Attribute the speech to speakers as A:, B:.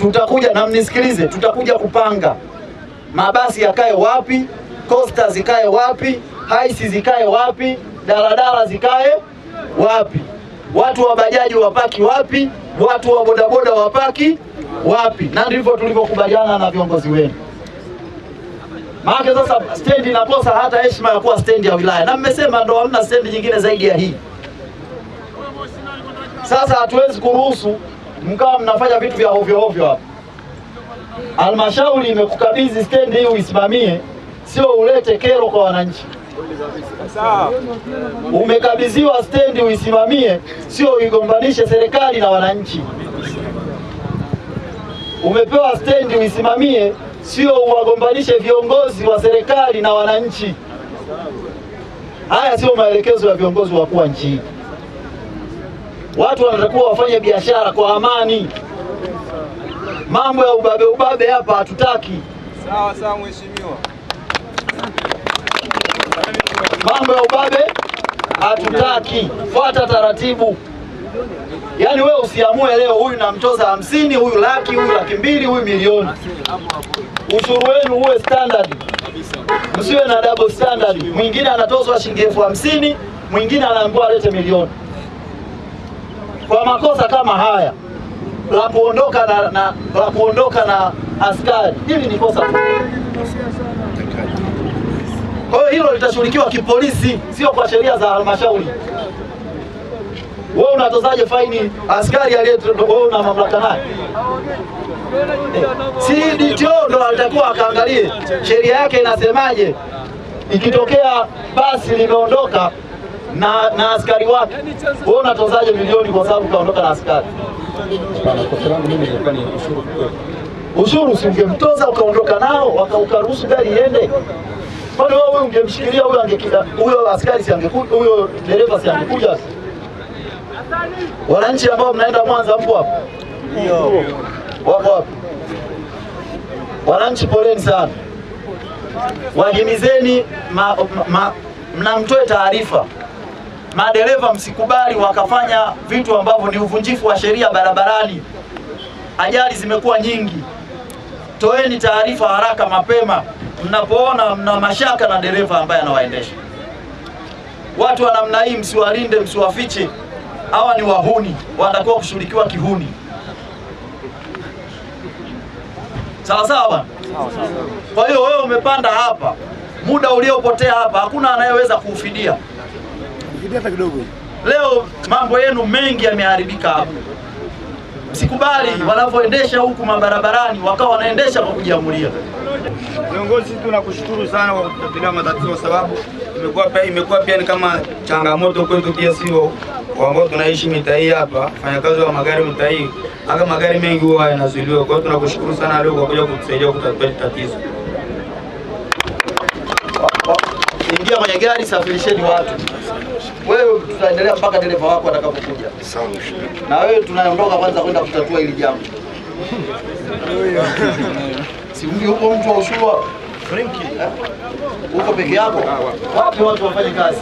A: tutakuja na mnisikilize, tutakuja kupanga mabasi yakae wapi, kosta zikae wapi, haisi zikae wapi, daladala zikae wapi, watu wa bajaji wapaki wapi, watu wa bodaboda wapaki wapi, na ndivyo tulivyokubaliana na viongozi wenu. Maana sasa stendi inakosa hata heshima ya kuwa stendi ya wilaya, na mmesema ndo hamna stendi nyingine zaidi ya hii. Sasa hatuwezi kuruhusu mkawa mnafanya vitu vya ovyo ovyo hapa. Halmashauri imekukabidhi stendi hii uisimamie, sio ulete kero kwa wananchi. Umekabidhiwa stendi uisimamie, sio uigombanishe serikali na wananchi. Umepewa stendi uisimamie, sio uwagombanishe viongozi wa serikali na wananchi. Haya sio maelekezo ya viongozi wakuu wa nchi hii watu wanatakiwa wafanye biashara kwa amani. Mambo ya ubabe ubabe hapa hatutaki.
B: Sawa sawa, mheshimiwa,
A: mambo ya ubabe hatutaki, fuata taratibu. Yaani wewe usiamue leo huyu namtoza hamsini, huyu laki, huyu laki mbili, huyu milioni. Ushuru wenu uwe standard, msiwe na double standard. Mwingine anatozwa shilingi elfu hamsini, mwingine anaambiwa alete milioni kwa makosa kama haya la kuondoka na, na, la kuondoka na askari, hili ni kosa. Kwa hiyo hilo litashughulikiwa kipolisi, sio kwa sheria za halmashauri. Wewe unatozaje faini askari aliye wewe una mamlaka naye? CDTO eh, ndo alitakiwa akaangalie sheria yake inasemaje, ikitokea basi limeondoka na, na askari wake. Wewe unatozaje milioni kwa sababu kaondoka na askari? Ushuru si ungemtoza ukaondoka nao wakaukaruhusu gari iende? Kwani wewe huyu ungemshikilia huyo angekida huyo askari si angekuja huyo dereva si angekuja? Wananchi ambao mnaenda Mwanza mpo hapo? Wapo hapo. Wananchi poleni sana, wahimizeni, mnamtoe taarifa Madereva msikubali wakafanya vitu ambavyo ni uvunjifu wa sheria barabarani. Ajali zimekuwa nyingi. Toeni taarifa haraka mapema mnapoona mna mashaka na dereva ambaye anawaendesha. Watu wa namna hii msiwalinde, msiwafiche. Hawa ni wahuni, wanatakiwa kushughulikiwa kihuni. Sawa sawa. Kwa hiyo wewe umepanda hapa, muda uliopotea hapa hakuna anayeweza kuufidia hata kidogo. Leo mambo yenu mengi yameharibika hapo. sikubali wanavyoendesha huku mabarabarani, wakawa wanaendesha kwa kujiamulia.
B: Viongozi, tunakushukuru sana kwa kutatulia matatizo, sababu imekuwa pia imekuwa pia ni kama changamoto kwetu, pia sio ambao tunaishi mitaa hapa, wafanyakazi wa magari mitaa hii, hata magari mengi huwa yanazuiliwa. Kwa hiyo tunakushukuru sana leo kwa kuja kutusaidia kutatua tatizo.
A: Ingia kwenye gari, safirisheni watu wewe tutaendelea mpaka dereva wako atakapokuja. Na wewe tunaondoka kwanza kwenda kutatua hili jambo.
B: si huko mtu wa ushuru Frenki eh? huko peke yako, ah, wapi watu wafanye kazi?